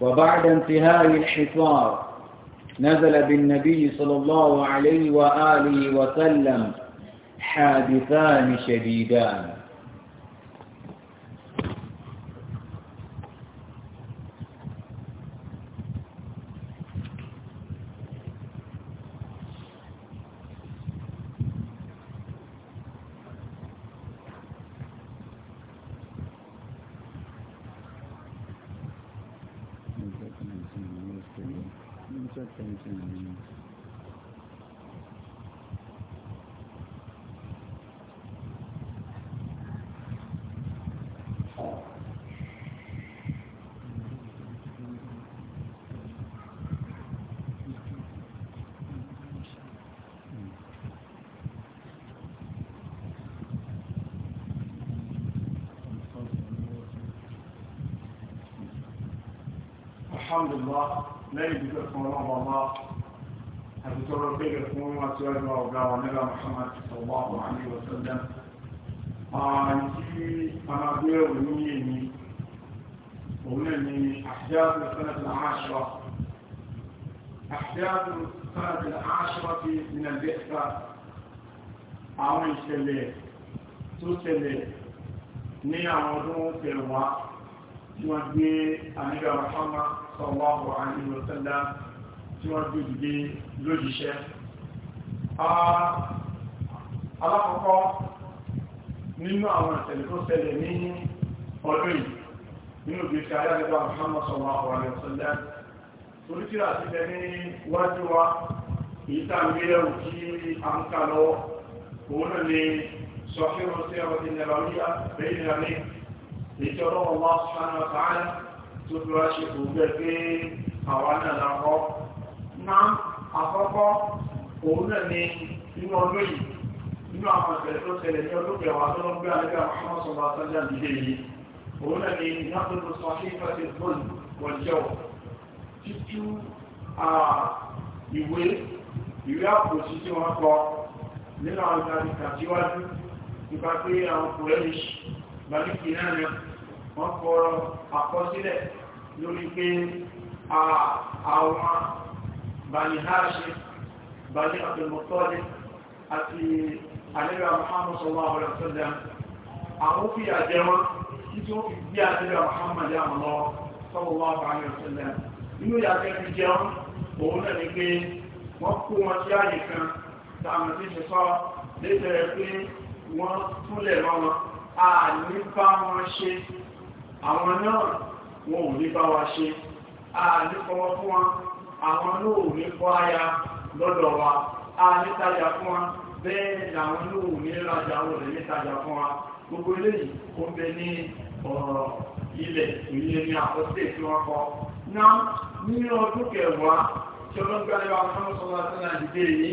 وبعد انتهاء الحصار نزل بالنبي صلى الله عليه وآله وسلم حادثان شديدان ọba ọ̀gá wa nígbà Muhammad sallallahu alaihi wa sallam àti alágbéyẹ̀wò ní èmi òun ni àṣíyàtò sanadil ashra àṣíyàtò sanadil ashra ti nínú ẹgbẹ́ta àwọn ìṣẹ̀lẹ̀ tó ṣẹlẹ̀ ní àwọn ọdún tẹ̀wàá tí wọ́n gbé àníbà Muhammad sallallahu alaihi wa sallam tí wọ́n gbé dìde lójíṣẹ́ alákọ̀ọ́kọ́ nínú àwọn ìṣẹ̀lẹ̀ tó ṣẹlẹ̀ ní ọdún yìí nínú ìgbésí ayájẹ́gbà Muhammad sallallahu alaihi wasallam torí kíra sí bẹ ní wájú wa ìta ìgbéyàwó kí a ń ká lọ́wọ́ òun náà ni sọfíwọ́n sí ọmọ subhanahu wa ta'ala tó fi wá ṣe òun náà ní inú ọdún yìí nínú àwọn ìṣẹ̀lẹ̀ tó ṣẹlẹ̀ ní ọdún kẹwàá tó lọ́gbẹ́ àlẹ́gbẹ́ àwọn ọmọ àtàjà yìí òun náà ní nàbẹ̀lú sọ fífà ti bọ́ọ̀lù wọ̀jọ́ títú ìwé ìwé àpòsí tí wọ́n kọ nínú àwọn ìgbàlùkà síwájú nípa pé àwọn kùrẹ́lì balùkì náà ni wọ́n kọ àkọsílẹ̀ lórí pé àwọn bàlìhá ṣe bani abdulmutali àti alẹ́rẹ́ Muhammad sallallahu alaihi wasallam àwọn fi àjẹ wọn tí tí wọ́n fi gbé alẹ́rẹ́ Muhammad yà wọn lọ sallallahu alaihi wasallam inú yàtọ̀ fi jẹun òun náà ni pé wọ́n kó wọn sí àyè kan táwọn ti ṣe sọ lẹ́sẹ̀rẹ̀ pé wọ́n túlẹ̀ lọ́wọ́ lọ́dọ̀ wa a nítajà fún wa bẹ́ẹ̀ làwọn olówó ní ìrajà wọn rẹ̀ nítajà fún wa gbogbo eléyìí kò ń bẹ ní ọ̀rọ̀ ilẹ̀ ìlú ní àkọsílẹ̀ tí wọ́n kọ́ náà ní ọdún kẹwàá tí ọlọ́gbàlẹ́wà fún ọ̀sán láti dìde yìí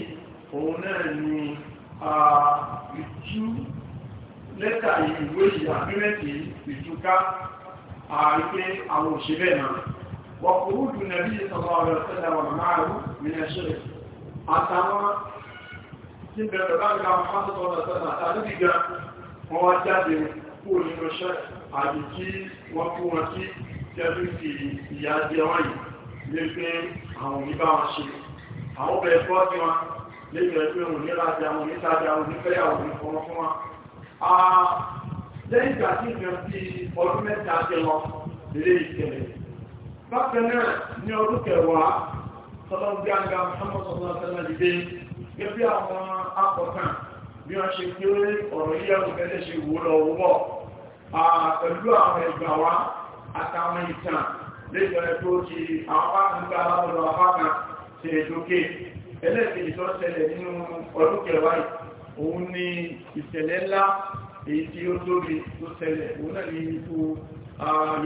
òun náà ni ìjú lẹ́tà ìwé ìyàgbẹ́mẹ́tì ìtúká àríké àwọn òṣèré náà wọ́n kò rúdù nàbí ìsọ̀rọ̀ ọ̀rọ̀ sẹ́lẹ̀ wọn máa rú nínú ẹ̀ṣẹ́ àtàwọn tí bẹ̀rẹ̀ báyìí àwọn fásitì ọ̀nà sọ́nà àtàrí gíga wọ́n wá jáde kúrò nínú iṣẹ́ àti kí wọ́n kú wọn sí tẹ́lú ti ìyá jẹ wọ́n yìí lé pé àwọn oníbá wọn ṣe àwọn bẹ̀rẹ̀ fọ́ sí wọn lé bẹ̀rẹ̀ pé òun nílá jẹ àwọn onítajà àwọn onífẹ́yàwó ní fọmọ fún wọn. lẹ́yìn ìgbà tí ìgbà ti ọdún mẹ́ta jẹ lọ lé ìtẹ̀lẹ̀ bákan náà ní ọdún kẹwàá tọ́lọ́wọ́ bí àgbà Muhammad sallallahu alaihi wasallam dìde gẹ́gẹ́ bí àwọn akọ̀kan bí wọ́n ṣe pé ọ̀rọ̀ yíyá òkèlè wa àtàwọn ìtàn lẹ́gbẹ̀rẹ̀ tó ti àwọn pàtàkì alábọ̀lọ̀ apákan ti èdókè ẹlẹ́gbẹ̀rẹ̀ tó ṣẹlẹ̀ nínú ọdún kẹwàá òun ni ìṣẹ̀lẹ̀ ńlá èyí tí ó tóbi tó ṣẹlẹ̀ òun náà ní ikú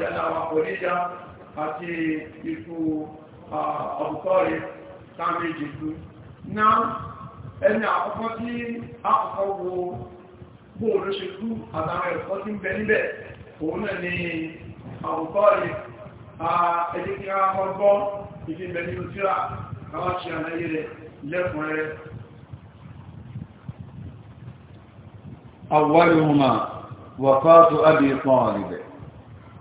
yálà wa kọ̀níjà àti ọ̀tọ́ rẹ̀ sáàmì ìjìkú náà ẹni àkọ́kọ́ tí àkọ́kọ́ wo bó ló ṣe kú àtàwọn ẹ̀kọ́ tí ń bẹ níbẹ̀ òun náà ni àwùkọ́ rẹ̀ ẹni kí a kọ́ gbọ́ ìfi bẹ nínú tíra káwá ṣe àlàyé rẹ̀ lẹ́kùnrin rẹ̀ أولهما وفاة أبي طالب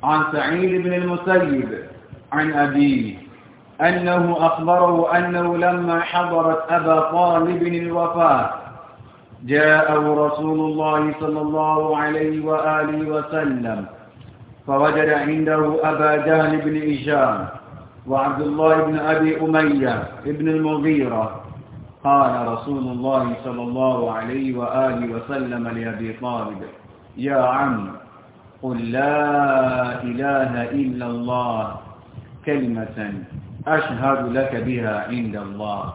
عن سعيد بن المسيب عن أبيه أنه أخبره أنه لما حضرت أبا طالب الوفاة جاءه رسول الله صلى الله عليه وآله وسلم فوجد عنده أبا جهل بن هشام وعبد الله بن أبي أمية بن المغيرة قال رسول الله صلى الله عليه وآله وسلم لأبي طالب يا عم قل لا إله إلا الله كلمة أشهد لك بها عند الله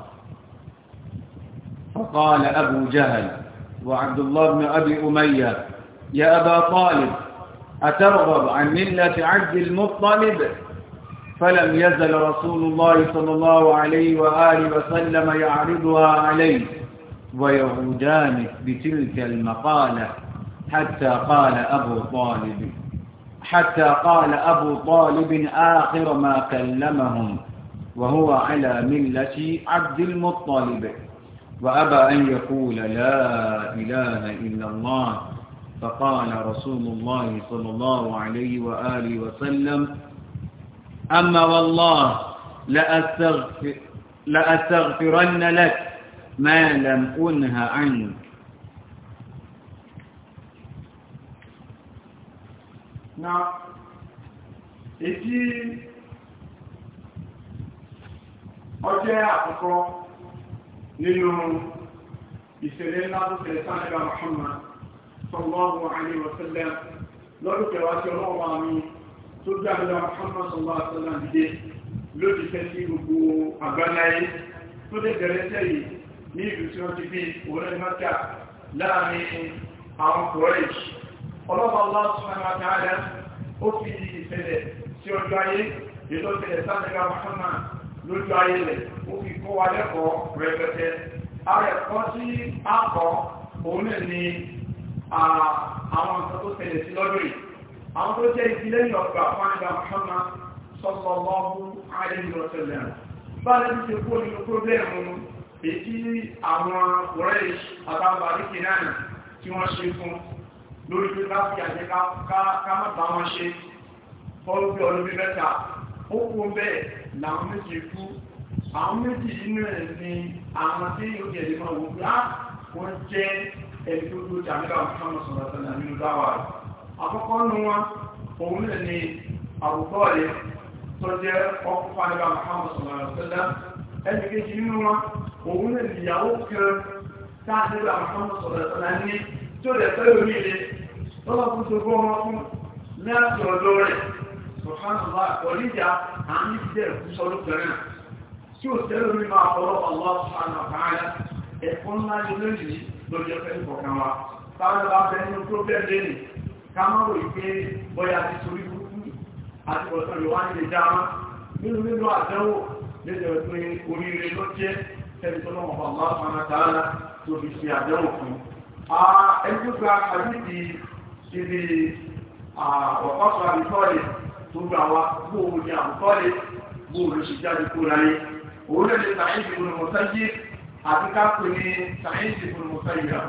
فقال أبو جهل وعبد الله بن أبي أمية يا أبا طالب أترغب عن ملة عبد المطلب فلم يزل رسول الله صلى الله عليه وآله وسلم يعرضها عليه ويعودان بتلك المقالة حتى قال أبو طالب حتى قال أبو طالب آخر ما كلمهم وهو على ملة عبد المطلب وأبى أن يقول لا إله إلا الله فقال رسول الله صلى الله عليه وآله وسلم أما والله لأستغفر لأستغفرن لك ما لم أنه عنك Now, if you ọjẹ́ àkọ́kọ́ nínú ìṣẹ̀lẹ̀ ńlá tó tẹ̀lé sáàlẹ́gbà Muhammad sallallahu alaihi wa sallam lọ́dún kẹwàá tí ọlọ́wọ́ mi tó gbé àgbà Muhammad sallallahu alaihi wa sallam dìde lójú fẹ́ sí gbogbo àgbáláyé tó dé bẹ̀rẹ̀ sẹ́yìn ní ìlú tí wọ́n ti bí lójú ayé rẹ̀ ó fi kọ́ wa lẹ́kọ̀ọ́ rẹpẹtẹ ara ẹ̀kọ́ sí akọ òun náà ni àwọn nǹkan tó tẹ̀lé sí lọ́dún yìí àwọn tó jẹ́ ìfilẹ́yìn ọ̀gbà fáńdà Muhammad sallallahu alaihi wa sallam báyìí ti kó nínú pọ́blẹ́mù èyí àwọn ọ̀rẹ́ àtàbàrí kìnnà tí wọ́n ṣe fún lórí pé láti àjẹ́ ká má bá wọn ṣe fọ́lùfẹ́ ọdún bí mẹ́ta ó kú bẹ́ẹ̀ làwọn méjì kú àwọn méjì inú ẹ̀ ni àwọn tí yóò jẹ́ ìmọ̀ òun pé á wọ́n jẹ́ ẹni tó tó jà nígbà fún ọmọ sọ̀rọ̀ sọ̀rọ̀ nínú dáwà rẹ̀ àkọ́kọ́ nu wọn òun náà ni àwùjọ rẹ̀ tó jẹ́ ọkọ̀ fún àgbà fún ọmọ sọ̀rọ̀ sọ̀rọ̀ ẹni kejì nínú wọn òun náà ni ìyàwó kan sáàdébà fún ọ̀sọ̀rọ̀ ọ̀nà ní tó rẹ̀ pẹ́lú ilé tọ́lọ́kùn tó gbọ́ wọn fún láti ọ̀dọ́ rẹ̀ sọ̀hánàlá àkọ́líjà à ń jẹ́ ẹ̀kú sọ́dọ̀ pẹ̀rẹ́ tí ó tẹ́lẹ̀ orí máa fọ́lọ́ ọlọ́ àtàrà ẹ̀kọ́ ńlá ní lónìí lórí ọ̀fẹ́ ìfọ̀kan wa táwọn bá fẹ́ nínú tó bẹ́ẹ̀ lẹ́nì ká má rò ìpé bọ́yá ti tó gbà wá gbòòrò ní àbùkọ́lé gbòòrò sì jáde kó láyé òun lè lè sàyìn ìbùn mọ̀sáyé àti káàpù ní sàyìn ìbùn mọ̀sáyé rà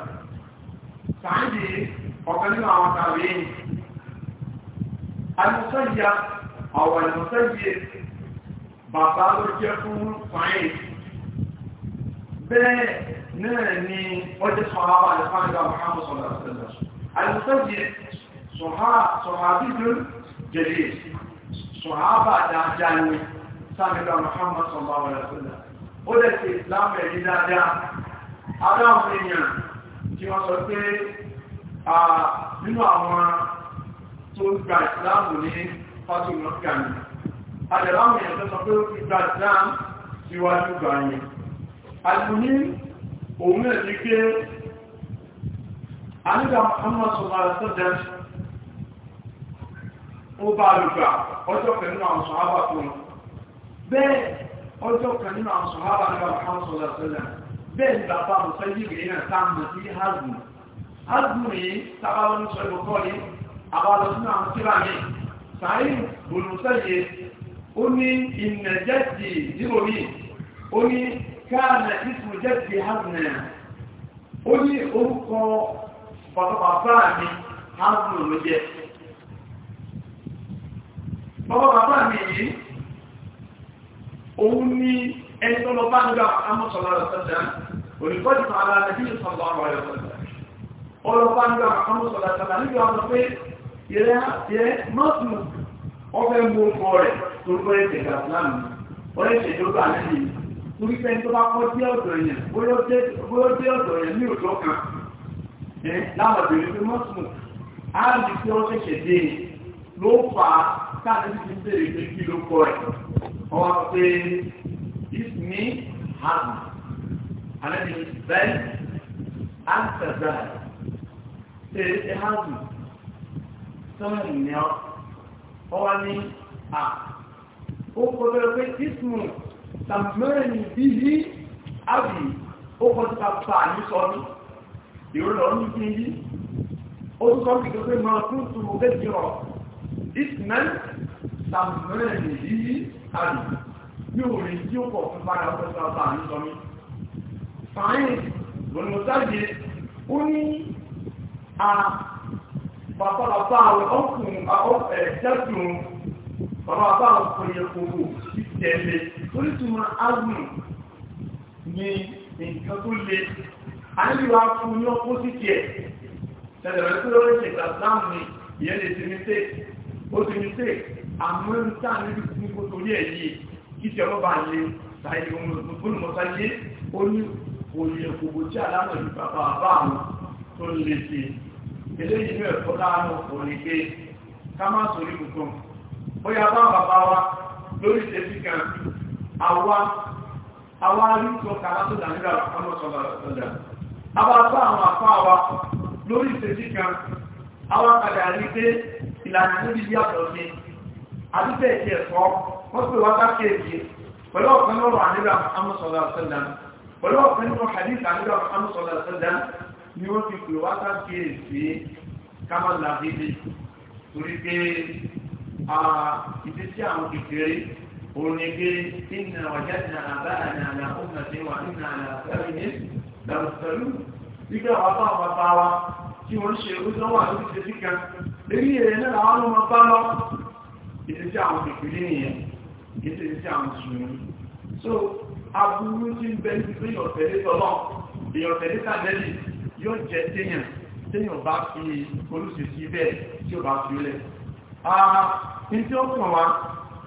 sàyìn di ọ̀kan nínú àwọn kàwé yìí àlùmọ̀sáyé àwọn àlùmọ̀sáyé bàbá ló jẹ́ fún sàyìn bẹ́ẹ̀ náà ni ọjọ́ sọ̀rọ̀ àwọn àlùfáàgbà Muhammad sọ̀rọ̀ àti sọ̀rọ̀ àlùmọ̀sáyé sọ̀rọ̀ àbíjọ́ jẹ́lẹ̀ ṣọ̀hábà dáadáa ni sáàmìlá Muhammad sallallahu alaihi wasallam ó lè ṣe Islam ẹ̀dí dáadáa adáhùn èèyàn tí wọ́n sọ pé nínú àwọn tó gba Islam ní fásitì mọ́kà ni adẹ̀láwọn èèyàn tó sọ pé ó ti gbà wọ́n bá lùgbà ọjọ́ kan nínú àwọn sọ̀hábà tó wọn bẹ́ẹ̀ ọjọ́ kan nínú àwọn sọ̀hábà nígbà Muhammad sallallahu alaihi wasallam bẹ́ẹ̀ ni bàbá mùsẹ́lì rẹ̀ náà tá mọ̀ sí hasbun hasbun yìí sábàbọ̀ ní sọ ìbùkọ́ ni àbálọ sínú àwọn síra mi sàáyìn bùnùsẹ́yẹ ó ní ìnà jẹ́sì níbo mi ó ní káàmẹ̀ ìsùn jẹ́sì hasbun ó ní orúkọ bàbá mi hasbun bàbá bàbá mi yìí òun ní ẹni tó lọ bá ń gbà amọ́sọ̀lá rẹ̀ sẹ́sẹ̀ olùkọ́jú ara rẹ̀ bí ìsọ̀lá rẹ̀ sẹ́sẹ̀ ọlọ́pàá ń gbà amọ́sọ̀lá sẹ́sẹ̀ nígbà wọn pé yẹ mọ́tún ọfẹ́ mú ọkọ rẹ̀ tó ń bẹ́ẹ̀ tẹ̀gà láàmú ọ̀rẹ́ ìṣèjọba àti torí pé tó bá kọ́ sí ọ̀dọ̀ yẹn bóyá dé ọ̀dọ̀ yẹn ní òjò kan láwọn obìnrin pé mọ́tún á rí pé wọ́n ṣẹ̀ṣẹ̀ káàdì ti bèrè pé kí ló kọ ẹ̀ wọ́n wá pé this me ham alẹ́bí bẹ́ẹ̀ ánsẹ̀dá ṣe é hàmù sọ́nà ìyẹn wọ́n wá ní à ó kọ́ lọ́wọ́ pé this moon tàmíọ́rẹ̀ ní bíbí àbí ó kọ́ ti pàpà ní sọ́nù ìrọ̀lọ́ ní bíbí ó tún kọ́ sí pé máa tún tún mọ́ bẹ́ẹ̀ jọ this man sàmúlẹ̀ yìí àrùn ní orin tí ó pọ̀ fún bára ọ̀pọ̀ta ọba àníṣọ́ mi. fàáyìn lọ́nàtàjẹ́ ó ní a pàpàpà àwọn ọkùnrin ẹ̀ẹ́dẹ́sùn pàpàpà ọkùnrin kòkò ti tẹ̀lé onítùmọ̀ agùn ní nǹkan tó le àníwá fún ní ọkọ̀ sí tiẹ̀ tẹ̀lẹ̀ rẹ̀ tó lọ́rẹ̀ ṣe ìgbà sáàmù ni ìyẹn lè ti mi ó ti mi àmọ́ ń tà níbi tí kò torí ẹ̀ yìí kí ti ọlọ́ba yẹ sáyé olùmọ̀sá yé ó ní òye kòkò tí aláwọ̀ yìí bàbá bá àwọn tó ń lè ṣe eléyìí ní ẹ̀kọ́ láàánú òní pé ká má sórí kùtùn bóyá bá bàbá wa lórí ìṣẹ́sí kan àwa àwa rí sọ kàrá àdúgbò ẹ̀jẹ̀ ẹ̀kọ́ wọ́n pè wá sáké èjì pẹ̀lú ọ̀kan lọ́rọ̀ àníbà amúsọ̀lá sẹ́dán pẹ̀lú ọ̀kan nínú hadith àníbà amúsọ̀lá sẹ́dán ni wọ́n ti pè wá sáké èjì kámọ́ làbíbi torí pé ìdí sí àwọn kékeré òun ni pé ìnà ọ̀jẹ̀ ní àbá àná àná ọ̀nà tí wà nínú àná àbẹ́rẹ́ ní làrùsọ̀lù nígbà wà bá bàbá wa tí wọ́n ṣe ìwé ìsìsí àwọn ìpìlẹ̀ nìyẹn ìsì ìsì àwọn ìṣòro so aburú tí ń bẹ sí ìyọ̀tẹ̀lẹ́ tọ́lọ́ ìyọ̀tẹ̀lẹ́ tàbẹ́lì yóò jẹ téèyàn téèyàn bá fi olùsèsí bẹ́ẹ̀ tí ó bá fi lẹ̀ ní tí ó kàn wá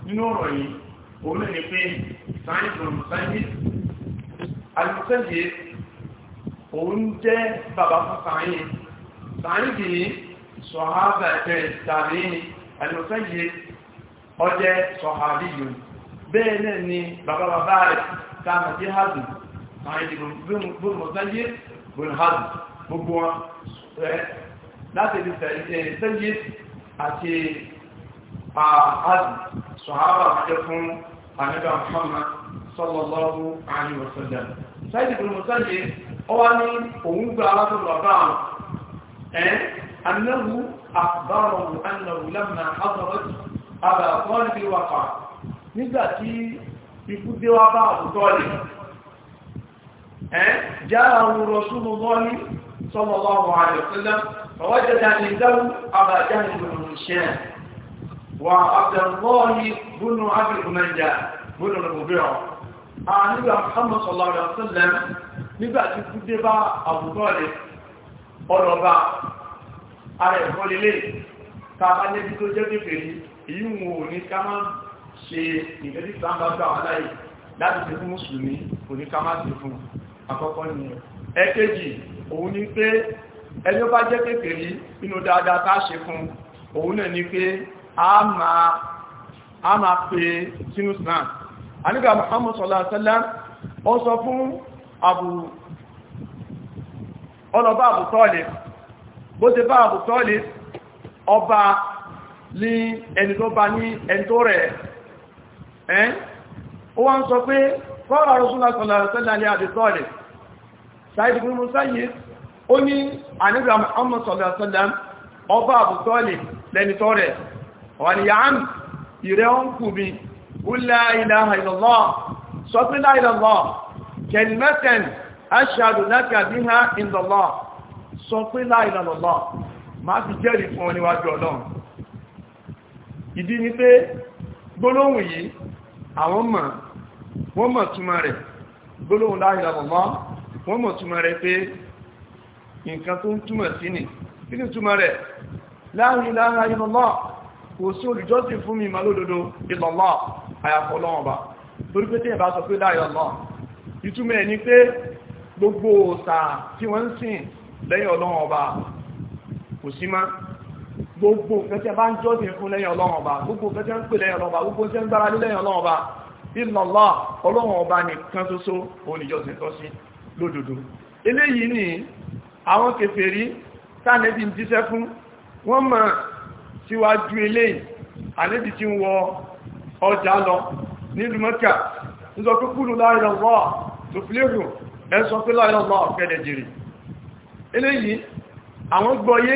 nínú ọ̀rọ̀ yìí òun náà ni pé science from science alùsẹ́yẹ òun jẹ́ bàbá fún science science yìí sọ̀hábà ẹ̀fẹ́ tàbí alùsẹ́yẹ ọjẹ́ sọ̀hàbí yìí bẹ́ẹ̀ náà ni bàbá bàbá rẹ̀ táàmà sí hàzù àwọn ìdìbò bóòmọ̀sáyé bóòmọ̀sáyé gbogbo wọn rẹ̀ láti ibi sẹ́yé àti hàzù sọ̀hábà àjọ fún àníbà Muhammad sallallahu alaihi wasallam sáyé bóòmọ̀sáyé ọ wá ní òun gba aláṣọ bàbá àwọn ẹ̀ annahu akhbarahu annahu lamma hadarat àbàkọ́ níbi wàfà nígbà tí ikú dé wá bá àbútọ́ lè ẹ́ jára ohun rọ̀súnmù mọ́ní sọ́mọ̀lọ́wọ́ àjọ̀sílẹ̀ ọwọ́jẹ́ta ní ìdáhùn àbàjá ìgbìmọ̀ ìṣẹ́ wà àbẹ̀mọ́ni búnú àbìkùnmẹ́jà búnú lọ́gbẹ̀rọ̀ àníbà Muhammad sallallahu alaihi wasallam nígbà tí kú dé bá àbútọ́ lè tó jẹ́ kéfèé èyí wọn ò ní ká máa ṣe ìgbẹ́sí sáàmbá gbà wá láyé láti ṣe fún mùsùlùmí kò ní ká máa ṣe fún àkọ́kọ́ nìyẹn ẹ̀kejì òun ni pé ẹni ó bá jẹ́ kékeré nínú dáadáa tá ṣe fún òun náà ni pé a máa pe sínú islam anígbà muhammad sallallahu alaihi abu ọlọ́bá àbùtọ́ọ̀lẹ̀ ní ẹni tó bá ní ẹni tó rẹ̀ ẹ́n ó wá ń sọ pé kọ́rọ̀ rọ̀súnlá sọ̀lọ̀sọ́lá ní àdìsọ́ọ̀lẹ̀ sáìdì fún mú sáyé ó ní àníbà ọmọ sọ̀lọ̀sọ́lá ọba àbùsọ́ọ̀lẹ̀ lẹni tó rẹ̀ wọ́n ni yàán ìrẹ́ ó ń kù mi la ilaha illallah sọ pé la ilallah kalimatan ashhadu laka biha indallah sọ fi jẹ́rìí fún ọ ọlọ́run ìdí ni pé gbólóhùn yìí àwọn mọ̀ wọ́n mọ̀ túnmọ̀ rẹ̀ gbólóhùn láàrin àbọ̀mọ́ wọ́n mọ̀ túnmọ̀ rẹ̀ pé nǹkan tó ń túnmọ̀ sí ni kí ni túnmọ̀ rẹ̀ láàrin láàrin àbọ̀mọ́ kò sí olùjọ́sìn fún mi malódodo ìlọ́lọ́ àyàfọ́ lọ́wọ́ba torí pé tẹ́yẹ̀ bá sọ pé láàrin ọlọ́ ìtumọ̀ ẹ̀ ni pé gbogbo òòṣà tí wọ́n ń sìn lẹ́yìn ọlọ́wọ́ba kò sí máa gbogbo kẹtẹ bá ń jọ́sìn fún lẹ́yìn ọlọ́run ọba gbogbo kẹtẹ ń pè lẹ́yìn ọlọ́run ọba gbogbo kẹtẹ ń gbára lé lẹ́yìn ọlọ́run ọba ìlọ́lá ọlọ́run ọba nìkan ṣoṣo oníjọ́sìn tọ́ sí lódodo eléyìí ni àwọn kèfèrí tánẹ́bí ń jíṣẹ́ fún wọ́n mọ̀ síwájú eléyìí ànẹ́bí ti ń wọ ọjà lọ nílùú Mẹ́kà ń sọ pé kúlù la ilaha tó fílẹ̀rù ẹ sọ pé la ilaha kẹ́dẹ̀ jèrè eléyìí àwọn gbọ́yé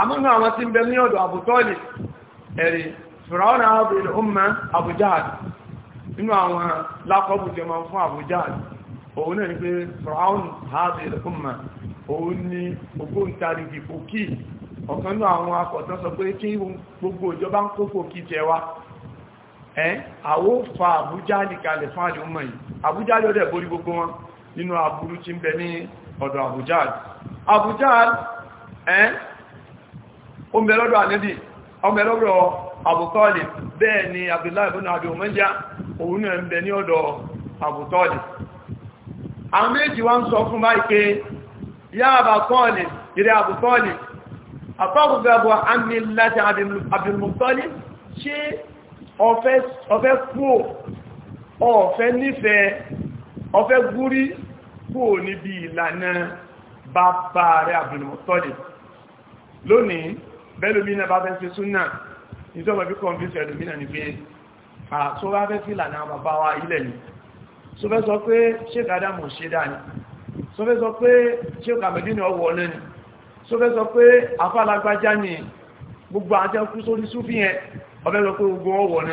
àmúnú àwọn tí ń bẹ ní ọ̀dọ̀ àbútọ́ọ̀lì ẹ̀rì fìràwọ́nà àbúrò ọmọ àbújáàdì nínú àwọn lákọ́bù tí ó máa fún àbújáàdì òun náà ni pé fìràwọ́nà àbúrò ọmọ òun ni ògbóǹtarìgì pòkì ọ̀kan nínú àwọn akọ̀tán sọ pé kí gbogbo ìjọba ń kó pòkì jẹ wa ẹ́ àwó fa àbújáàdì kalẹ̀ fún àdìmọ̀ yìí àbújáàdì ọdẹ borí gbogbo wọn nínú aburú tí ń bẹ ní ọ̀dọ̀ àbújáàdì àbújáàdì ẹ́ ó ń bẹ lọ́dọ̀ àníbì ọmọ ẹlọ́rọ̀ àbùtọ́ọ̀lì bẹ́ẹ̀ ni Abdullahi ibn Abi Umayya òun náà ń bẹ ní ọ̀dọ̀ àbùtọ́ọ̀lì àwọn méjì wá ń sọ fún báyìí pé yá àbàtọ́ọ̀lì ìrẹ́ àbùtọ́ọ̀lì àtọ́gbẹ̀bọ̀ amílẹ́tẹ̀ àbìmùtọ́lì ṣe ọ̀fẹ́ kúò ọ̀fẹ́ nífẹ̀ẹ́ ọ̀fẹ́ gúrí kúò níbi ìlànà bàbá rẹ̀ àbìmùtọ́lì lónìí bẹ́lòmínà bá fẹ́ ṣe súnà ìjọba bí kọ̀nfíṣẹ̀ ẹlòmínà ni pé àtó bá fẹ́ fìlà náà bàbá wa ilẹ̀ ni so fẹ́ sọ pé sheik adamu ṣe dá ni so fẹ́ sọ pé sheik amedini ọwọ́ ọlẹ́ ni so fẹ́ sọ pé afálagbájá ni gbogbo àjẹ́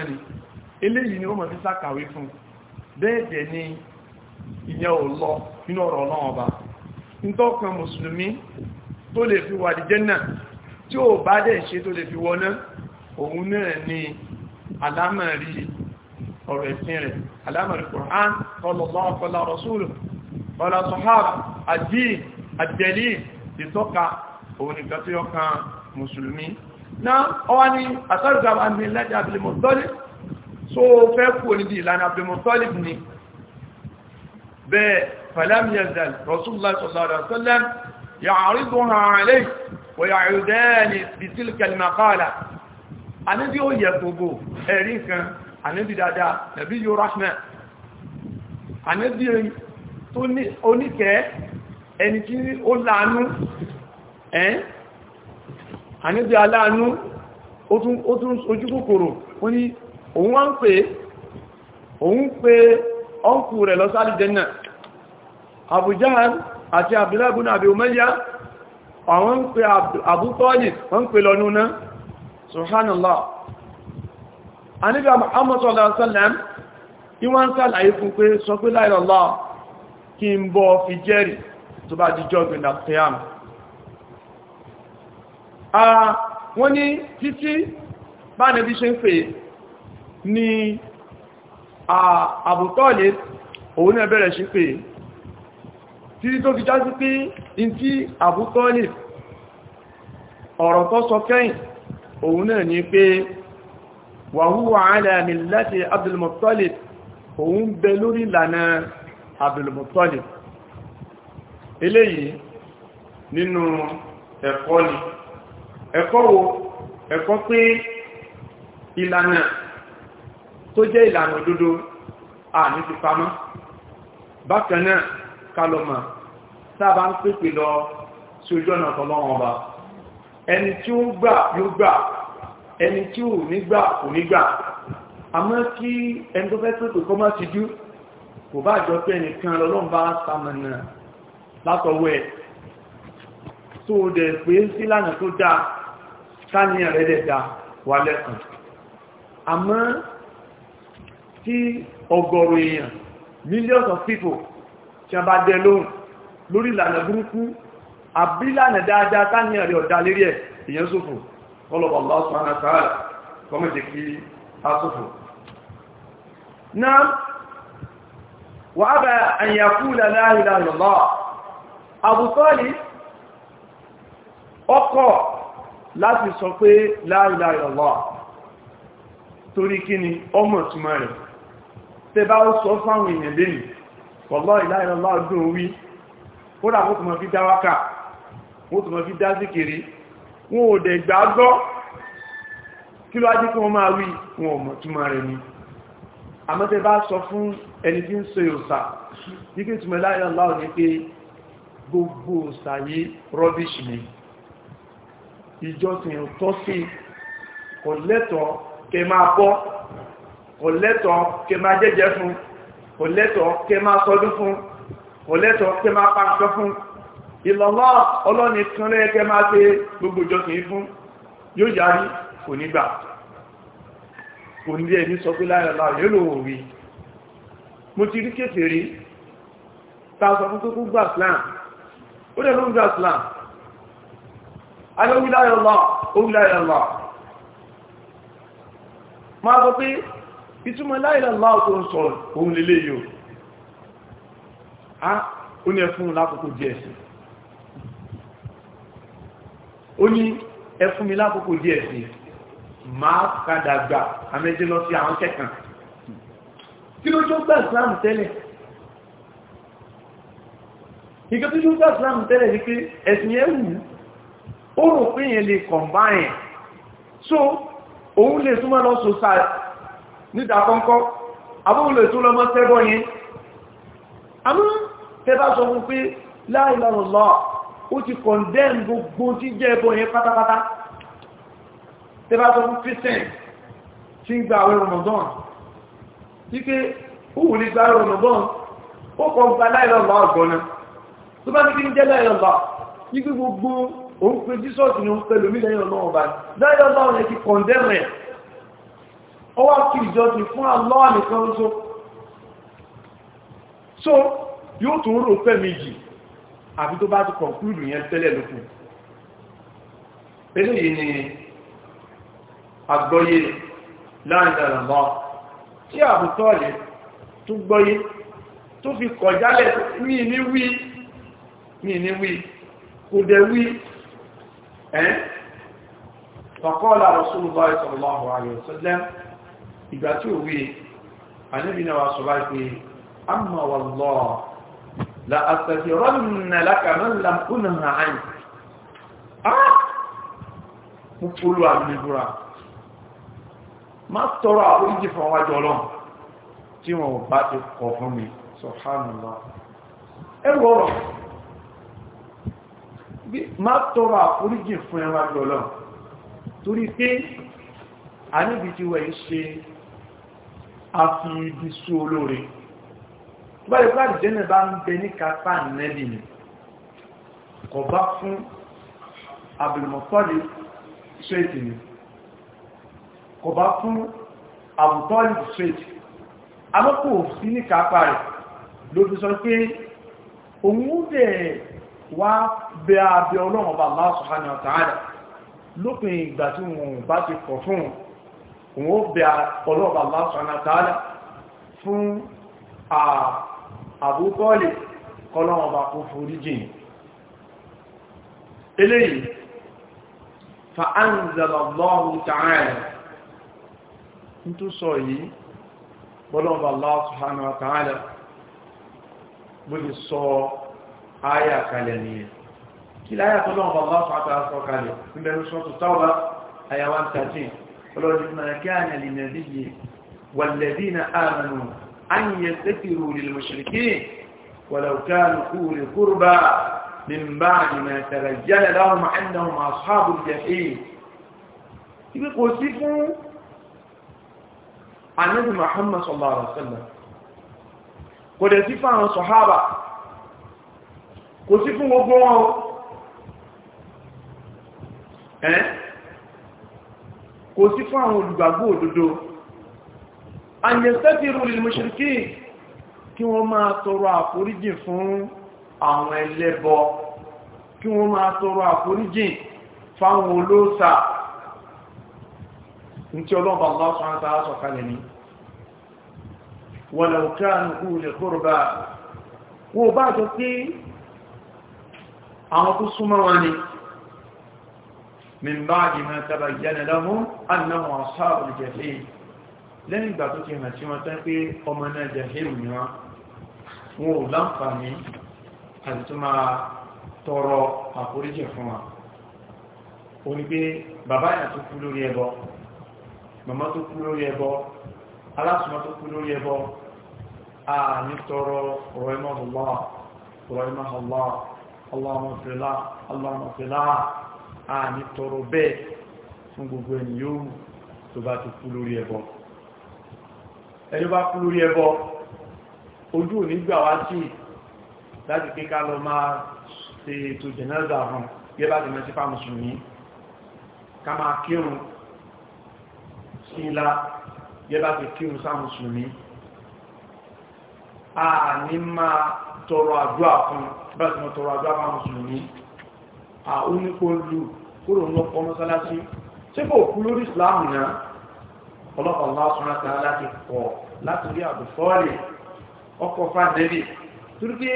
ni eléyìí ni ó mọ̀ sí sàkàwé fún bẹ́ẹ̀ dẹ̀ ni ìyẹn ò lọ nínú ọ̀rọ̀ ọlọ́wọ́ ọba nítọ́kan tó lè fi wà ní jẹ́nà tí ó bá dẹ̀ ṣe tó lè fi wọná òun náà ni alámàrí ọ̀rọ̀ ẹ̀sìn rẹ̀ alámàrí Qur'an Allah qala Rasuluh qala Sahaba ad-din ad-dalil ìtọ́ka òun nìkan tí ó kan mùsùlùmí náà ọwá ní àtàrùgbà àmì lẹ́dẹ̀ Abdul Muttalib so fẹ́ kú oníbi ìlànà Abdul Muttalib ni bẹ́ẹ̀ falam yazal Rasulullah sallallahu alaihi wasallam ya'riduha alayhi wọ̀yàrùdẹ́ẹ̀lì بتلك المقالة aníbi ó yẹ gbogbo ẹ̀rí kan aníbi dada nàbí yóò rahman aníbi oníkẹ́ ẹni tí ó láàánú ẹ́n aníbi aláàánú ó tún ojú kòkòrò ó ní òun wá ń pè òun pè ọ́nkù rẹ̀ lọ sáàlì jẹ́nà Abu Jahl àti Abdullahi ibn Abi Umayyah àwọn ń pe àbútọ́lì wọ́n ń pe lọ́nú náà subhanallah anígbà Muhammad sallallahu alaihi wasallam kí wọ́n ń sàlàyé fún pé sọ pé la ilallah kí n bọ́ fi jẹ́rì tó bá jíjọ́ gbìnà tẹ́yàmù wọ́n ní títí bá títí tó fi jásí pé in tí àbútọ́lì ọ̀rọ̀ tó sọ kẹ́yìn òun náà ni pé wàhúwà alẹ́mì láti abdulmọ̀tọ́lì òun bẹ lórí ìlànà abdulmọ̀tọ́lì eléyìí nínú ẹ̀kọ́ ni ẹ̀kọ́ wo ẹ̀kọ́ pé ìlànà tó jẹ́ ìlànà òdodo à ní ti pamọ́ bákan kálọ́mà sábà ń pèpè lọ sójú ọ̀nà tọ́lọ́wọ́n ọba ẹni tí ó ń gbà yóò gbà ẹni tí ò ní gbà kò ní gbà àmọ́ kí ẹni tó fẹ́ pèpè kọ́ má ti dú kò bá jọ pé ẹnìkan lọ́lọ́run bá sàmọ̀nà látọwọ́ ẹ̀ tó dẹ̀ pé sílànà tó dáa sáníyàn rẹ̀ dẹ̀ dáa wà lẹ́kùn àmọ́ tí ọgọ́rọ̀ èèyàn millions of people tí wọ́n bá dẹ lóhùn lórí ìlànà burúkú àbílànà dáadáa táníyàn rẹ̀ ọ̀dá lérí ẹ̀ èyàn sófò ọlọ́pàá Allah subhanahu wa ta'ala kọmọ̀dé kí a sófò náà wà á bẹ̀ àyàkú la ilaha illallah Abu Talib ó sọ fáwọn èèyàn lẹ́yìn wọ́lọ́ ìláìlọ́lá ọdún wí kódà wọ́n tún mọ̀ fi dáwákà wọ́n tún mọ̀ fi dá síkiri wọ́n ò dẹ̀ gbàgbọ́ kí ló ajé kí wọ́n máa wí wọn ò mọ̀ túmọ̀ rẹ̀ ni àmọ́tẹ́ bá sọ fún ẹni tí ń sọ òsà díkẹ́ túnmọ̀ ìláìlọ́lá ò ní pé gbogbo òsà yìí rọ́bíṣì ni ìjọsìn tọ́ sí kọ̀lẹ́tọ̀ kẹ máa bọ́ kọ̀lẹ́tọ̀ kẹ máa jẹ́jẹ́ fún kò lẹ́tọ̀ọ́ kẹ máa sọdún fún kò lẹ́tọ̀ọ́ kẹ máa pa nǹkan fún ìlọ́lọ́ ọlọ́ni kan lẹ́yẹ kẹ máa ṣe gbogbo ìjọsìn fún yóò yarí kò nígbà kò ní ẹni sọ pé láyọ̀ yóò rí mo ti rí kéfèrí ta sọ fún kókó gbà slam ó dẹ̀ ló ń gbà slam alẹ́ wíláyọ̀ lọ́ ó wíláyọ̀ lọ́ máa sọ pé ìtumọ̀ láìláà tó ń sọ ohun lélé yóò a ó ní ẹfún lákòókò díẹ̀ sí ó ní ẹfún mi lákòókò díẹ̀ sí máa kàdà gbà amẹ́jẹ́ lọ sí àwọn kẹ́kàn kí ló tó gbà ìsìlámù tẹ́lẹ̀ ìgbà tó gbà ìsìlámù tẹ́lẹ̀ ní pé ẹ̀sìn ẹ̀wù ó rò pé yẹn lè kọ̀mbáyẹn so òun lè súnmọ́ lọ sáà níta kọ́ńkọ́ abúlé tó lọ́mọ tẹ́bọ̀ yẹn àmọ́ tẹ́bá sọ fún pé láìlọ́rọ̀lọ́ ó ti kọ̀ndẹ́m gbogbo tí jẹ́ ẹbọ yẹn pátápátá tẹ́bá sọ fún christian tí ń gba àwẹ̀ ramadan wípé ó wù ní gba ramadan ó kọ̀ gba láìlọ́lọ́ ọ̀gbọ́nà tó bá ní kí ní jẹ́ láìlọ́lọ́ wípé gbogbo òun pe jesus ni òun pẹ̀lú mílíọ̀nù ọ̀bá láìlọ́lọ́ yẹn ti kọ̀ndẹ́m rẹ̀ ó wá kí ìjọsìn fún Allah nìkan ṣoṣo so yóò tó rò pẹ́ méjì àbí tó bá ti conclude yẹn tẹ́lẹ̀ lókun eléyìí ni àgbọ́yé láàrínlọ́wọ́ tí àbútọ́ rẹ̀ tó gbọ́yé tó fi kọjálẹ̀ ní ní wí ní ní wí kò dẹ̀ wí ẹ́ Rasulullah sallallahu alaihi wasallam ìgbà tí ò wí àníbi náà wà sọ bá pé amma wallah la astaghfiranna laka man lam unha anhu ah! mú polú àmì búra má tọrọ àforíjì fún wájú ọlọ́run tí wọn ò bá torí pé àníbi tí wọ́n ṣe a fi ibi sú olóore báyìí pé àdìjẹ́nà bá ń bẹ ní kápá nẹ́bì ni kò bá fún abdulmọ̀tọ́lì ṣéètì ni kò bá fún abdulmọ̀tọ́lì ṣéètì alọ́pọ̀ òfin ní kápá rẹ̀ ló fi sọ pé òun dẹ̀ wá bẹ abẹ ọlọ́run bá Allah subhanahu wa ta'ala lópin ìgbà tí wọn bá ti kọ̀ fún un wọ́n bẹ ọlọ́ọ̀bà Allah subhanahu wa ta'ala fún Abu Talib kọlọ́ọ̀bà kó forí jìn eléyìí fa anzala Allahu ta'ala ń tó sọ yìí ọlọ́ọ̀bà Allah subhanahu wa ta'ala bó ti sọ ayà kalẹ̀ nìyẹn kí láyà tọ́lọ́ọ̀bà Allah subhanahu sọ kalẹ̀ فلوجد ما كان لنبي والذين آمنوا أن يستفروا للمشركين ولو كانوا أولي قربا من بعد ما ترجل لهم أنهم أصحاب الجحيم كيف قصفوا عن محمد صلى الله عليه وسلم قد يصفوا عن صحابة قصفوا وقوموا kò sí fún àwọn olùgbàgbọ́ òdodo àyẹ̀sẹ́fìrù lèmọ̀ṣìríkì kí wọ́n máa tọrọ àforíjìn fún àwọn ẹlẹ́bọ kí wọ́n máa tọrọ àforíjìn fáwọn olóòsà tí ọlọ́ọ̀bà bá sọ àtà sọ̀kalẹ̀ من بعد ما تبين لهم أنهم أصحاب الجحيم لن يبقى تكي هاتيما تنفي قمنا جحيم نوا ولن قامي أنتما tọrọ àforíjì fún wa o ní pé bàbá yà tó kú lórí ẹbọ màmá tó kú lórí ẹbọ alásùmọ́ tó kú lórí ẹbọ a ní tọrọ rahimahullah rahimahullah allahumma fila allahumma fila àmì tọrọ bẹ́ẹ̀ fún gbogbo ẹni yóò tó bá ti kú lórí ẹbọ ẹni bá kú lórí ẹbọ ojú ò ní gbà wá sí láti pé ká lọ máa ṣe ètò jẹ̀nẹ́zà hàn gẹ́gẹ́ bá ti mọ́ sí fámùsùn ká máa kírun sílá gẹ́gẹ́ bá ti kírun sámùsùn a ní máa tọrọ àdúrà fún bá ti mọ́ tọrọ àdúrà fámùsùn oníkóòlù kúrò lọ́pọ̀ mọ́sálásí tí kò kú lórí ìsìláàmù náà ọlọ́pàá Allah subhanahu wa ta'ala láti pọ̀ láti rí àbùfọ́ọ̀lì ọkọ̀ fàdébì torípé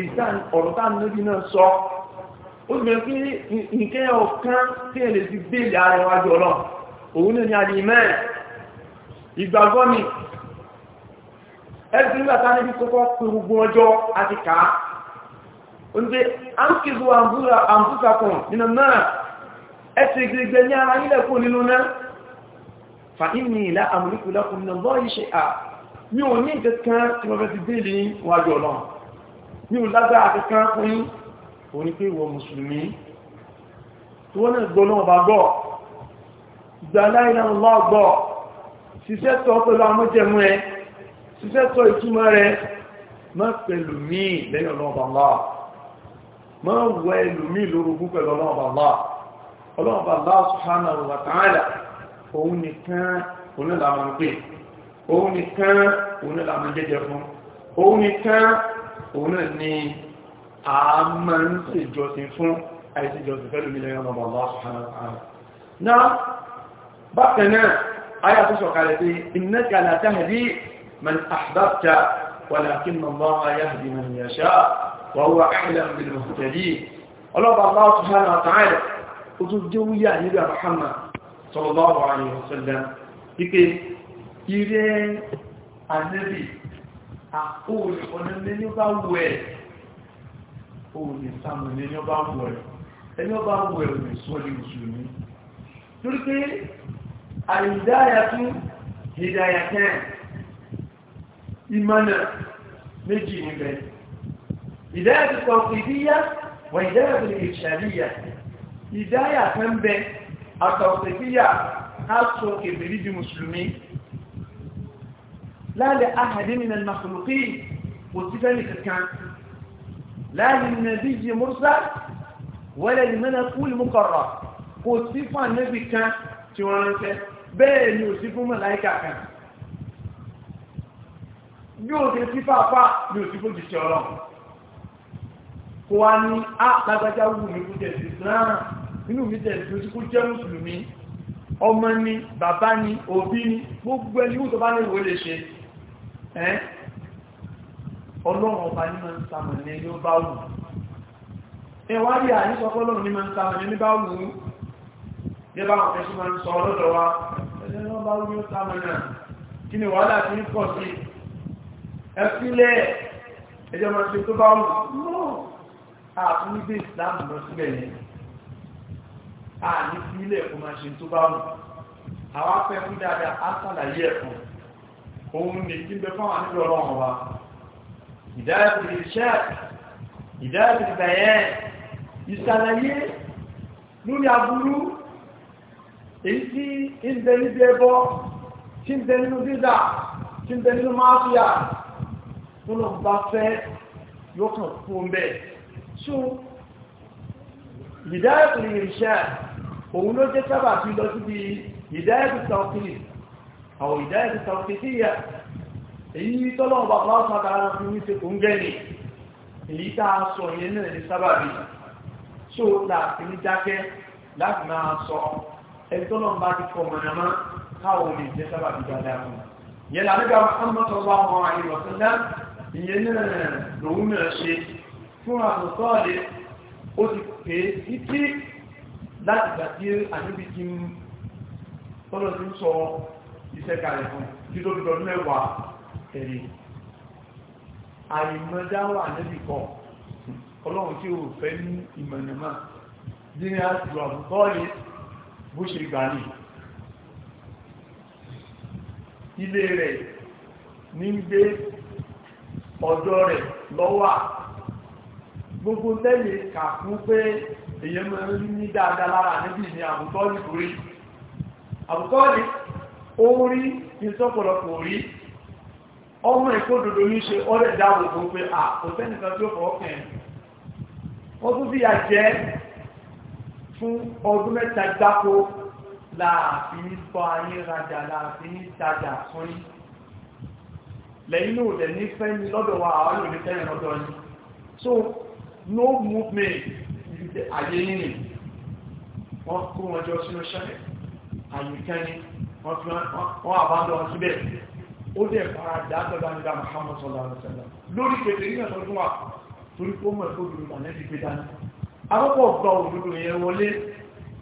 ìsàn ọ̀rọ̀ tá níbi náà sọ ó sì bẹ̀rẹ̀ pé nǹkan ọ̀kan tí ẹ̀lẹ̀ ti gbé ilẹ̀ ara wájú ọlọ́ òun ní àdì mẹ́rin onígbé áńkìzù àǹfúsàkùn nínú náà ẹ̀sì gbígbé ní ara yílẹ̀ kú nínú náà fa inni ìlà àmúríkùlákùn nínú lọ́ iṣẹ́ à mi ò ní kankan tí wọ́n fẹ́ ti bèèrè wájọ́ lọ mi ò lágbára kankan fún yín o ní pé ìwọ mùsùlùmí tí wọ́n náà gbọ́ náà bá gbọ́ ìgbà láìlà lọ́ gbọ́ tọ́ ìtumọ̀ rẹ má pẹ̀lú mí lẹ́yìn ọlọ́ọ̀bà lọ́ọ̀ mọ́ wọ ẹlòmí lórogún pẹ̀lú ọlọ́ọ̀bà Allah ọlọ́ọ̀bà Allah subhanahu wa ta'ala òun nìkan onílàmà ń pè òun nìkan onílàmà jẹjẹ fún òun nìkan òun ní a máa ń ṣèjọsìn fún àìsíjọsìn fẹ́lú nílẹ̀ ọlọ́ọ̀bà Allah subhanahu wa ta'ala náà bákan náà ayà tó wọ́wọ́ àìlẹ́m bí lọ́sọ̀tẹ̀lì ọlọ́bà aláwọ̀ tó hàn àtàrà ó tún jẹ́ wúyà níbi àbáhàmà sọ̀rọ̀lọ́wọ́ àyẹ̀wọ̀sẹ̀lẹ̀ wípé ire anẹ́bì àkóòrè ọ̀nà ní ọba wù ẹ̀ òní sàmù ní ọba wù ẹ̀ ẹni ọba wù ẹ̀ òní sọ́lé mùsùlùmí torí هداية التوحيديه وهداية الإرشادية هداية تنبه التوحيديه خاصة كبريد المسلمين لا لأحد من المخلوقين وكذلك كان لا للنبي مرسل ولا لملك مقرر وصفه النبي كان تيوانك بين يوسف ملائكة كان يوسف فافا يوسف جسيرون kó wá ní á ah, lágbájá wù mí kó jẹ́ islam nínú mi jẹ́ ìlú kó jẹ́ mùsùlùmí ọmọ ni bàbá ni òbí ni gbogbo ẹni wù tó bá lè wọlé ṣe ẹ́ ọlọ́run ọba ní máa ń sàmà ní ẹni ó bá wù ẹwà rí àyíkọ́ ọlọ́run ní máa ń sàmà ní ẹni bá wù ú gẹ́bà àwọn ẹ̀ṣù máa ń sọ ọlọ́dọ̀ wa ẹni ó bá wù ní ó sàmà náà kí ni wàhálà tí ń àfúnibé islam lọ síbẹ̀ yẹn a ní sí ilé ẹ̀kọ́ máa ṣe tó bá wọn àwọn afẹ́ fún dáadáa á sàlàyé ẹ̀kọ́ òun ní kí n bẹ fáwọn nílò ọlọ́run wa ìdáyàtò iṣẹ́ ìdáyàtò ìbẹ̀yẹ ìsàlàyé lórí aburú èyí tí ń bẹ níbi ẹbọ tí ń bẹ nínú dídà tí ń bẹ nínú máfíà tó lọ bá fẹ́ yóò kàn fún bẹ́ẹ̀ so ìdáyàtò ìrìnṣẹ́ òun ló jẹ́ sábà fi lọ síbi ìdáyàtò tàwọ̀kìlì àwọn ìdáyàtò tàwọ̀kìlìyà èyí tọ́lọ̀ bàbá ọ̀sàkàrà fi ní ṣe kò ń gẹ́ni èyí tá a sọ yẹn náà ní sábà bí so láti ní dákẹ́ láti tọ́lọ̀ bá ti kọ mọ̀nàmá káwọn lè jẹ́ sábà ìyẹn náà lòun náà ṣe fún àwọn sọ́ọ̀lẹ̀ ó ti pè é títí láti gbà tí àníbi ti ń tọ́lọ̀ sí ń sọ iṣẹ́ kalẹ̀ fún títí ó dọdún mẹ́wàá tẹ̀lé àìmọ́dáwà níbi kọ́ ọlọ́run tí ó fẹ́ ní ìmọ̀nàmá dín àti lọ àbúkọ́ọ̀lẹ̀ bó ṣe gbà ní ilé rẹ̀ ní gbé ọ̀dọ́ rẹ̀ lọ́wọ́ gbogbo tẹ́lẹ̀ kà fún pé èyẹ mọ́ rí ní dáadáa lára níbi ní àbùtọ́lì orí àbùtọ́lì ó rí ìsọ́pọ̀lọpọ̀ rí ọmọ ìkódòdó ní ṣe ọ́rẹ̀ dáàbò fún pé à kò sẹ́nìkan tí ó fọ́ ọkàn wọ́n tún fìyà jẹ fún ọdún mẹ́ta gbáko láàfin bọ́ lẹ́yìn náà lẹ́ni fẹ́ ní lọ́dọ̀ àwọn olùdíkẹ́yìn lọ́dọ̀ yín so no movement ayé nínú wọ́n kó wọn jọ sínú ṣẹlẹ̀ àyíkẹ́ni wọ́n àbádọ́ wọn síbẹ̀ ó dẹ̀ fara dáadọ́dá nígbà Muhammad sallallahu alaihi wasallam lórí pẹ̀lú ìgbà tó tún wà torí kó mọ̀ tó dúró lànà ti gbé dání akọ́kọ́ gba òdodo yẹn wọlé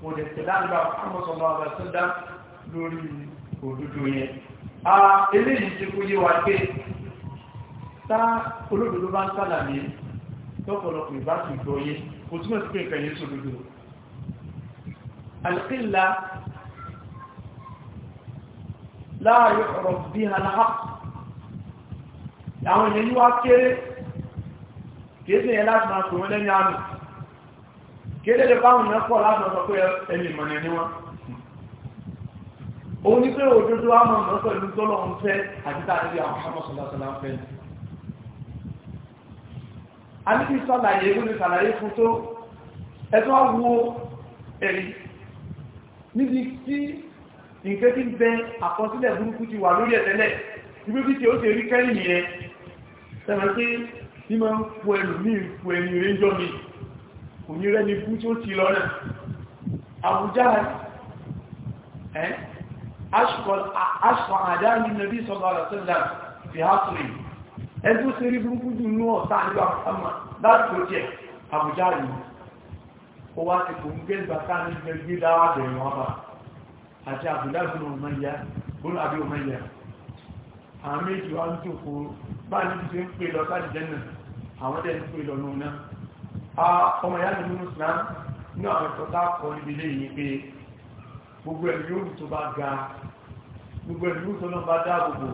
mo dẹ̀ tẹ̀lá nígbà Muhammad sallallahu alaihi wasallam lórí òdodo a eléyìí ti kó yé wa pé tá olódodo bá ń sálàmì tọ́pọ̀lọpọ̀ ìbá ti gbọ́ yé kò túnmọ̀ sí pé nǹkan yẹn sódodo alqilla la yu'raf biha al-haqq àwọn èèyàn ní wá kéré kéèsè yẹn láti máa tòun lẹ́ni àmì kéèdè lè báwọn èèyàn pọ̀ láti ọ̀sọ̀ ẹni àníbi sọ́làyé egúnlé sàlàyé fún tó ẹ̀tọ́ wo ẹ̀rí níbi tí nǹkan tí ń bẹ àkọsílẹ̀ burúkú ti wà lórí ẹ̀tẹ́lẹ̀ ibi tí ó ti rí kẹ́rin yẹn tẹ́mọ̀ pé tí ma ń fò ẹ̀lù ní ìfò ẹni rẹ́jọ́ mi kò ní rẹ́ni fún tí ó ti lọ náà àbújá ẹ́ aṣọ àdá ní nàbí sọ́lọ́ ẹni tó ṣe rí burúkú jù ní ọ̀tá àjọ àpamọ́ láti tó jẹ àbújá yìí ó wá ti kò ń gé ìgbà ká ní gbẹgbẹ dáwà bẹ̀rẹ̀ wọn bá àti àbújá gbọ́nà ọmọ ìyá gbọ́nà àbí ọmọ ìyá àwọn méjì wá ń tó kó bá ní ti ń pè lọ sáàdì jẹ́ náà àwọn tẹ́ ń pè lọ nù náà ọmọ ìyá nínú Islam ní àwọn ẹ̀kọ́ tá kọ níbi ilé gbogbo ẹ̀mí yóò tó bá ga gbogbo ẹ̀mí tó náà bá dáàbòbò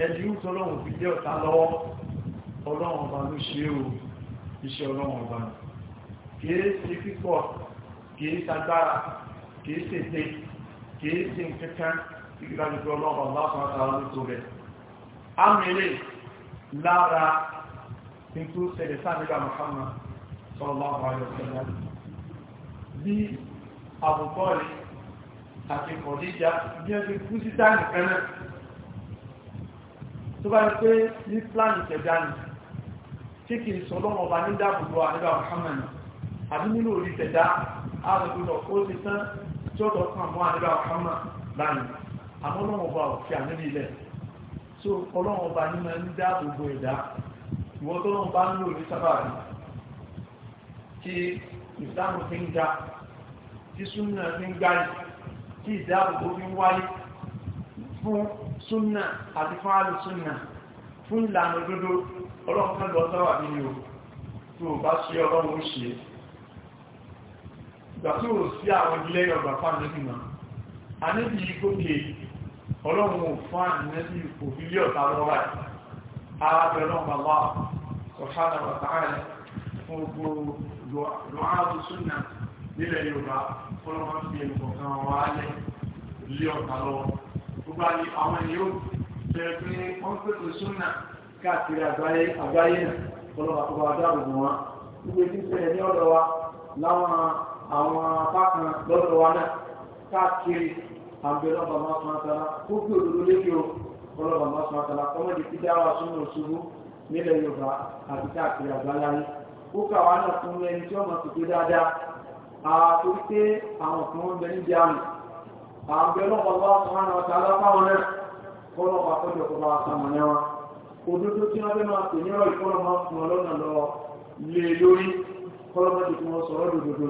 ẹ̀dì ń tọ́lọ́run fi jẹ́ ọ̀tá lọ́wọ́ ọlọ́run ọba ló ṣe o iṣẹ́ ọlọ́run ọba kìí ṣe pípọ̀ kìí ṣagbára kìí ṣe dé kìí ṣe kankan ìgbàlùkù ọlọ́run ọba fún àtàrà ló tó rẹ̀ amèrè lára tó ṣẹlẹ̀ sáàmìlà Muhammad sallallahu alaihi wasallam bí àbùkọ́ rẹ̀ àti kọ̀díjà bí ẹ ti kú sí táàmì kan náà tó bá yẹ pé ní plan ìtẹ̀dá ni tí kì í sọ lọ́wọ́ ọba ní dáàbòbò àníbà Muhammad àbí nínú orí ìtẹ̀dá àgbègbè ó ti tán tí ó tọ́ kàn mọ́ àníbà Muhammad láàyè àmọ́ lọ́wọ́ ọba ò fi àníbi ilẹ̀ tó ọlọ́wọ́ ọba ní máa ń dáàbòbò ẹ̀dá ìwọ́n tó lọ́wọ́ bá ń lò ní sábà rí tí ìsìláàmù fi ń ga tí súnmù náà fi ń gbáyé tí ìdáàbòbò fi ń wáyé fún súnà àti fún àlù súnà fún ìlànà òdodo ọlọ́run fẹ́ lọ sọ́wà nínú tó bá ṣe ọlọ́run ó ṣe ìgbà tí ó sí àwọn ilé ọgbà fún àníbì náà àníbì yìí gòkè ọlọ́run ò fún àníbì kò fi lé ọ̀tá lọ́wọ́ ara bẹ̀rẹ̀ náà bàbá ọ̀ṣánà bàtà yorùbá fọ́lọ́wọ́n fi ẹnìkọ̀ọ̀kan wà á lé ọ̀tá lọ́wọ́ gbogbo àyè àwọn èèyàn bẹ̀rẹ̀ pé wọ́n pèsè súnà káàkiri àgbáyé àgbáyé náà ọlọ́pàá tó bá dáàbò wọn gbogbo ètí ìṣẹ̀lẹ̀ ní ọ̀dọ̀ wa láwọn àwọn apá kan lọ́dọ̀ wa náà káàkiri àgbẹ̀ ọlọ́pàá máa sọ àtàlà tó gbé òdodo lékè o ọlọ́pàá máa sọ àtàlà kọ́mọ́dé ti dáwà súnà òṣùwò nílẹ̀ Yorùbá àti káàkiri àgbáyé ó kà wá náà fún ẹni tí ọmọ tòkè dáadáa àtòkè àwọn kan ń bẹ níbi àmì àbẹ̀lọ́ ọ̀pá ọ̀sán ọ̀tà alápáwọn náà kọ́lọ̀ àkọ́jọ ọ̀pá àsàmọ̀nà wa òdúdó tí wọ́n fẹ́ máa pè ní ọ̀rọ̀ ìkọ́lọ̀mọ́ fún ọlọ́nà lọ lè e lórí kọ́lọ̀mọ́ ti fún ọsọ̀rọ̀ dòdòdó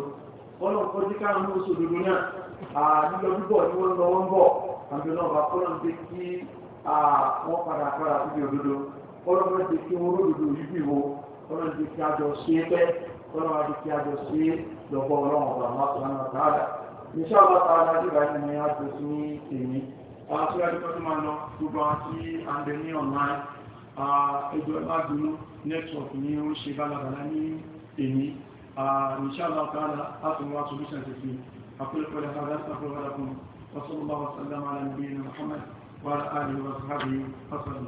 kọ́lọ̀ kọjú káàmù oṣù dòdó náà àdúgbò bíbọ̀ tí wọ́n lọ wọ́n bọ̀ àbẹ̀lọ́ ọ̀pá kọ́lọ̀ ń jẹ́ kí wọ́n padà padà síbi òdòdó kọ́lọ̀ mọ́ jẹ́ kí wọ́n ròdòdó yìí bì wo kọ́lọ̀ jẹ́ kí a jọ ṣe é iṣẹ́ ọlọ́ta alájúgbà ti ní àjò sí èmi ọ̀nà tí wájú tọ́jú máa lọ gbogbo àwọn tí a ń bẹ ní online ẹjọ́ lágbóná network ní ó ṣe bálabàlá ní èmi iṣẹ́ ọlọ́ta látọ̀wọ́ solution ti fi àpẹẹrẹ pẹ̀lú وصلى الله وسلم على نبينا محمد وعلى اله وصحبه وسلم